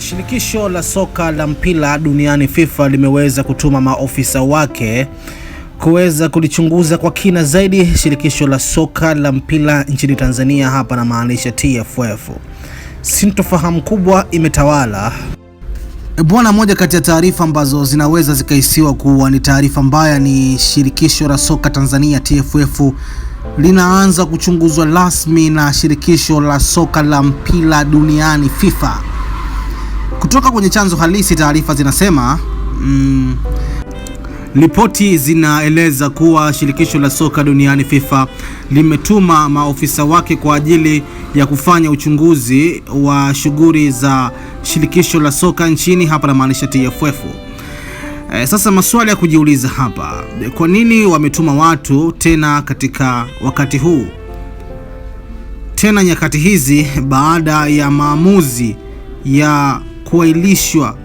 Shirikisho la soka la mpira duniani FIFA limeweza kutuma maofisa wake kuweza kulichunguza kwa kina zaidi shirikisho la soka la mpira nchini Tanzania, hapa na maanisha TFF. Sintofahamu kubwa imetawala e, bwana. Moja kati ya taarifa ambazo zinaweza zikahisiwa kuwa ni taarifa mbaya ni shirikisho la soka Tanzania TFF linaanza kuchunguzwa rasmi na shirikisho la soka la mpira duniani FIFA. Kutoka kwenye chanzo halisi, taarifa zinasema mm, ripoti zinaeleza kuwa shirikisho la soka duniani FIFA limetuma maofisa wake kwa ajili ya kufanya uchunguzi wa shughuli za shirikisho la soka nchini hapa, na maanisha TFF. E, eh, sasa maswali ya kujiuliza hapa, kwa nini wametuma watu tena katika wakati huu tena nyakati hizi baada ya maamuzi ya kuahirishwa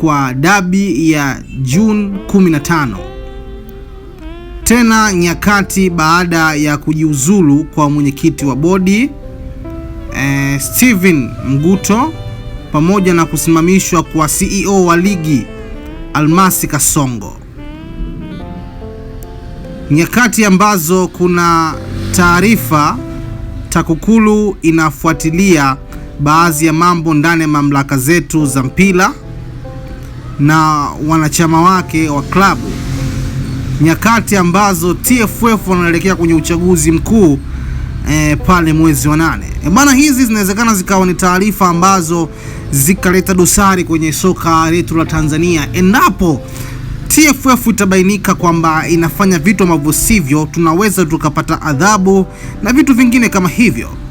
kwa dabi ya Juni 15 tena nyakati baada ya kujiuzulu kwa mwenyekiti wa bodi eh, Steven Mguto pamoja na kusimamishwa kwa CEO wa ligi Almasi Kasongo, nyakati ambazo kuna taarifa TAKUKULU inafuatilia baadhi ya mambo ndani ya mamlaka zetu za mpira na wanachama wake wa klabu, nyakati ambazo TFF wanaelekea kwenye uchaguzi mkuu e, pale mwezi wa nane. E eh, bana, hizi zinawezekana zikawa ni taarifa ambazo zikaleta dosari kwenye soka letu la Tanzania endapo TFF itabainika kwamba inafanya vitu ambavyo sivyo, tunaweza tukapata adhabu na vitu vingine kama hivyo.